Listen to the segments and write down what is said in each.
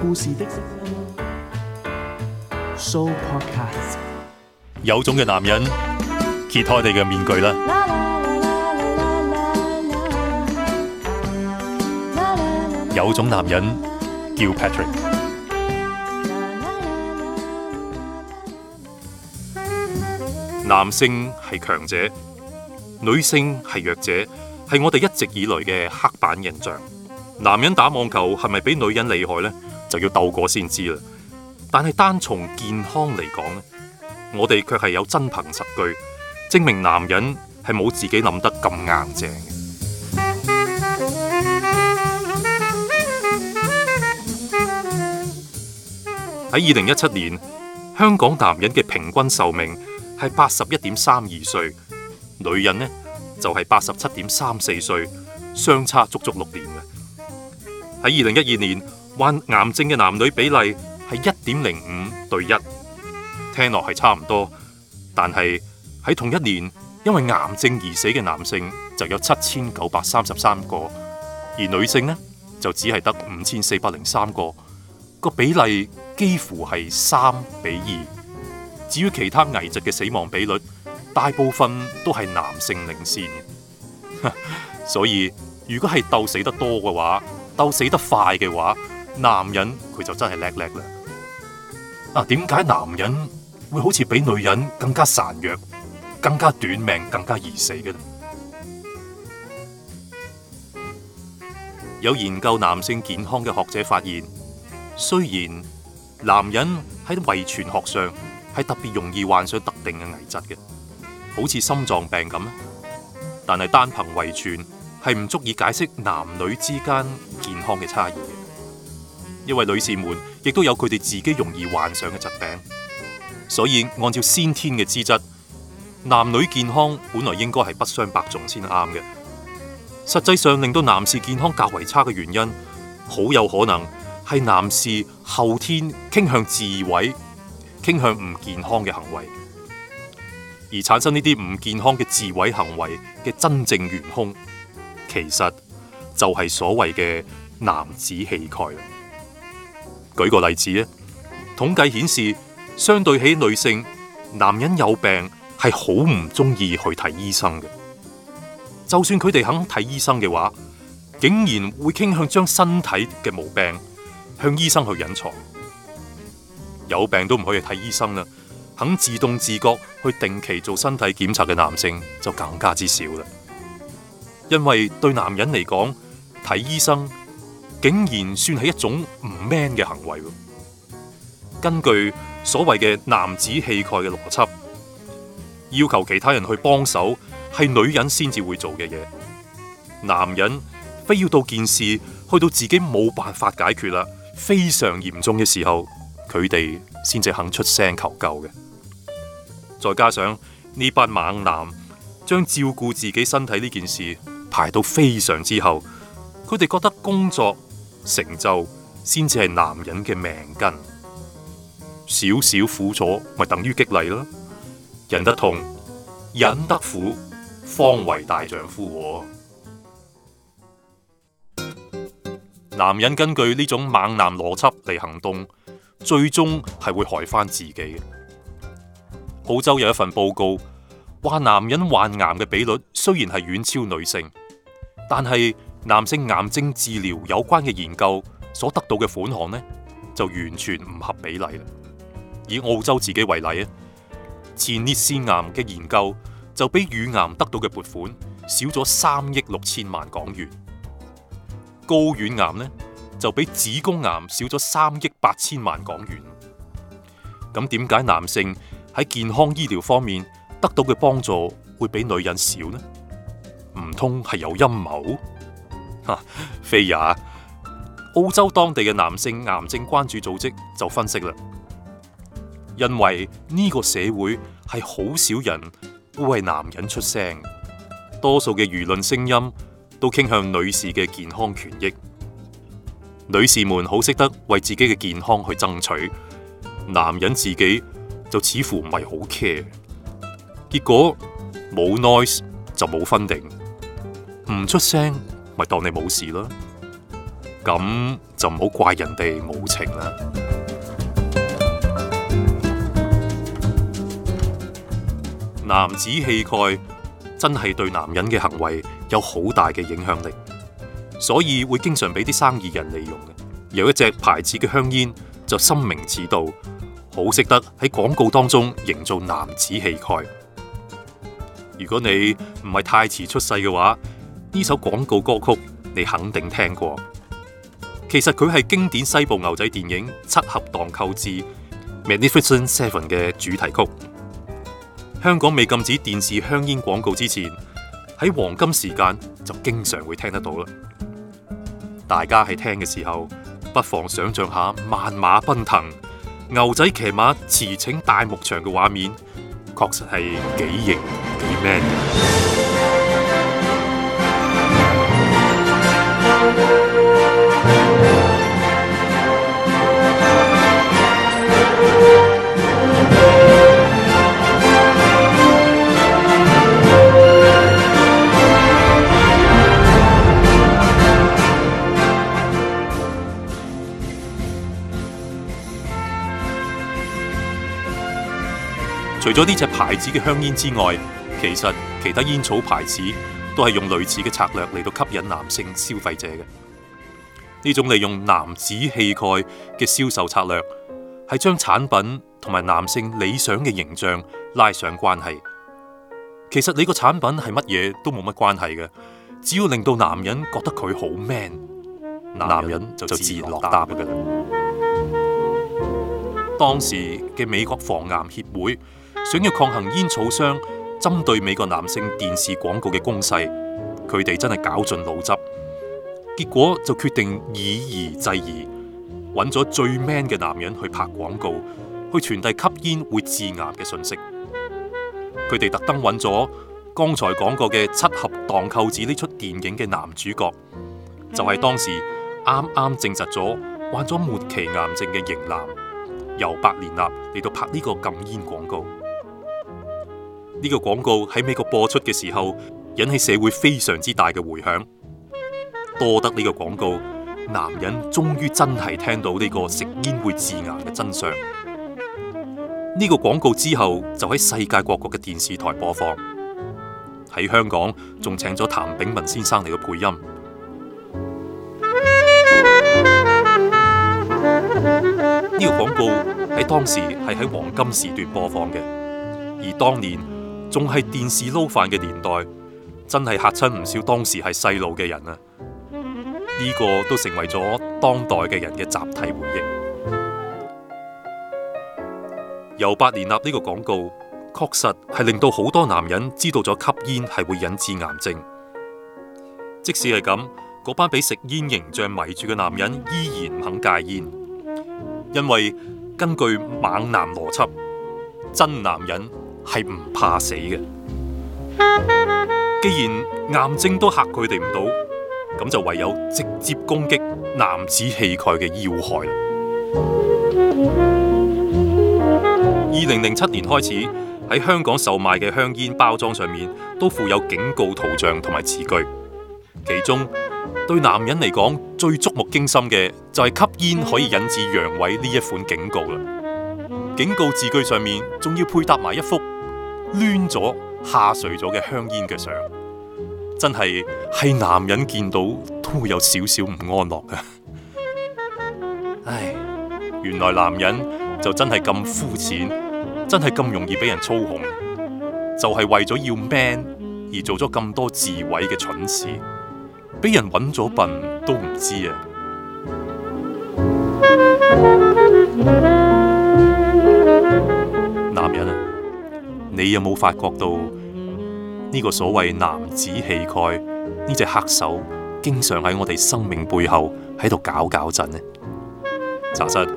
故事的 show podcast 有種嘅男人揭開你嘅面具啦。有種男人叫 Patrick。男性係強者，女性係弱者，係我哋一直以來嘅黑板印象。男人打網球係咪比女人厲害呢？就要鬥過先知啦。但係單從健康嚟講呢，我哋卻係有真憑實據證明男人係冇自己諗得咁硬淨嘅。喺二零一七年，香港男人嘅平均壽命係八十一點三二歲，女人呢就係八十七點三四歲，相差足足六年嘅。喺二零一二年。患癌症嘅男女比例係一點零五對一，聽落係差唔多。但係喺同一年，因為癌症而死嘅男性就有七千九百三十三個，而女性呢就只係得五千四百零三個，個比例幾乎係三比二。至於其他危疾嘅死亡比率，大部分都係男性領先。所以如果係鬥死得多嘅話，鬥死得快嘅話，男人佢就真係叻叻啦。啊，點解男人會好似比女人更加孱弱，更加短命，更加易死嘅呢？有研究男性健康嘅學者發現，雖然男人喺遺傳學上係特別容易患上特定嘅危疾嘅，好似心臟病咁，但係單憑遺傳係唔足以解釋男女之間健康嘅差異。因為女士們亦都有佢哋自己容易患上嘅疾病，所以按照先天嘅資質，男女健康本來應該係不相伯仲先啱嘅。實際上令到男士健康較為差嘅原因，好有可能係男士後天傾向自毀、傾向唔健康嘅行為，而產生呢啲唔健康嘅自毀行為嘅真正元凶，其實就係所謂嘅男子氣概。舉個例子啊，統計顯示，相對起女性，男人有病係好唔中意去睇醫生嘅。就算佢哋肯睇醫生嘅話，竟然會傾向將身體嘅毛病向醫生去隱藏。有病都唔可以去睇醫生啦，肯自動自覺去定期做身體檢查嘅男性就更加之少啦。因為對男人嚟講，睇醫生。竟然算係一種唔 man 嘅行為喎。根據所謂嘅男子氣概嘅邏輯，要求其他人去幫手係女人先至會做嘅嘢。男人非要到件事去到自己冇辦法解決啦，非常嚴重嘅時候，佢哋先至肯出聲求救嘅。再加上呢班猛男將照顧自己身體呢件事排到非常之後，佢哋覺得工作。成就先至係男人嘅命根，少少苦楚咪等於激勵囉。忍得痛，忍得苦，方為大丈夫喎。男人根據呢種猛男邏輯嚟行動，最終係會害翻自己。澳洲有一份報告話，男人患癌嘅比率雖然係遠超女性，但係。男性癌症治療有關嘅研究所得到嘅款項呢，就完全唔合比例啦。以澳洲自己為例啊，前列腺癌嘅研究就比乳癌得到嘅撥款少咗三億六千萬港元，睾丸癌呢就比子宮癌少咗三億八千萬港元。咁點解男性喺健康醫療方面得到嘅幫助會比女人少呢？唔通係有陰謀？非也，澳洲當地嘅男性癌症關注組織就分析啦，因為呢個社會係好少人會為男人出聲，多數嘅輿論聲音都傾向女士嘅健康權益，女士們好識得為自己嘅健康去爭取，男人自己就似乎唔係好 care，結果冇 noise 就冇分定，唔出聲。咪當你冇事咯，咁就唔好怪人哋無情啦。男子氣概真係對男人嘅行為有好大嘅影響力，所以會經常俾啲生意人利用嘅。有一隻牌子嘅香煙就深明此道，好識得喺廣告當中營造男子氣概。如果你唔係太遲出世嘅話，呢首廣告歌曲你肯定聽過，其實佢係經典西部牛仔電影《七俠蕩寇置 m a g n i f i c e n t Seven） 嘅主題曲。香港未禁止電視香煙廣告之前，喺黃金時間就經常會聽得到啦。大家喺聽嘅時候，不妨想象下萬馬奔騰、牛仔騎馬馳騁大牧場嘅畫面，確實係幾型幾 man。除咗呢隻牌子嘅香煙之外，其實其他煙草牌子都係用類似嘅策略嚟到吸引男性消費者嘅。呢種利用男子氣概嘅銷售策略，係將產品同埋男性理想嘅形象拉上關係。其實你個產品係乜嘢都冇乜關係嘅，只要令到男人覺得佢好 man，男人就自然落單㗎喇。當時嘅美國防癌協會。想要抗衡煙草商針對美國男性電視廣告嘅攻勢，佢哋真係絞盡腦汁，結果就決定以夷制夷，揾咗最 man 嘅男人去拍廣告，去傳遞吸煙會致癌嘅信息。佢哋特登揾咗剛才講過嘅《七俠蕩寇子》呢出電影嘅男主角，就係、是、當時啱啱證實咗患咗末期癌症嘅型男尤伯連納嚟到拍呢個禁煙廣告。呢個廣告喺美國播出嘅時候，引起社會非常之大嘅回響。多得呢個廣告，男人終於真係聽到呢個食煙會致癌嘅真相。呢個廣告之後就喺世界各國嘅電視台播放。喺香港仲請咗譚炳文先生嚟嘅配音。呢個廣告喺當時係喺黃金時段播放嘅，而當年，仲係電視撈飯嘅年代，真係嚇親唔少當時係細路嘅人啊！呢、這個都成為咗當代嘅人嘅集體回憶。由八年立呢個廣告，確實係令到好多男人知道咗吸煙係會引致癌症。即使係咁，嗰班俾食煙形象迷住嘅男人依然唔肯戒煙，因為根據猛男邏輯，真男人。係唔怕死嘅。既然癌症都吓佢哋唔到，咁就唯有直接攻擊男子氣概嘅要害。二零零七年開始喺香港售賣嘅香煙包裝上面都附有警告圖像同埋字句，其中對男人嚟講最觸目驚心嘅就係吸煙可以引致陽痿呢一款警告啦。警告字句上面仲要配搭埋一幅。攣咗下垂咗嘅香煙嘅相，真係係男人見到都會有少少唔安樂嘅。唉，原來男人就真係咁膚淺，真係咁容易俾人操控，就係、是、為咗要 man 而做咗咁多自毀嘅蠢事，俾人搵咗笨都唔知啊！你有冇發覺到呢個所謂男子氣概呢隻黑手，經常喺我哋生命背後喺度搞搞震咧？查實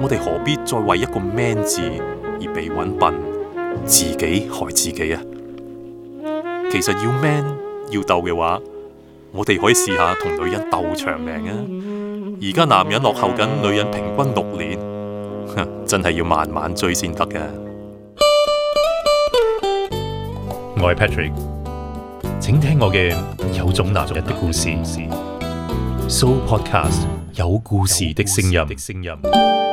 我哋何必再為一個 man 字而被揾笨，自己害自己啊？其實要 man 要鬥嘅話，我哋可以試下同女人鬥長命啊！而家男人落後緊，女人平均六年，真係要慢慢追先得噶。我係 Patrick，請聽我嘅有種男人的故事，的故事，Soul Podcast 有故事的聲音。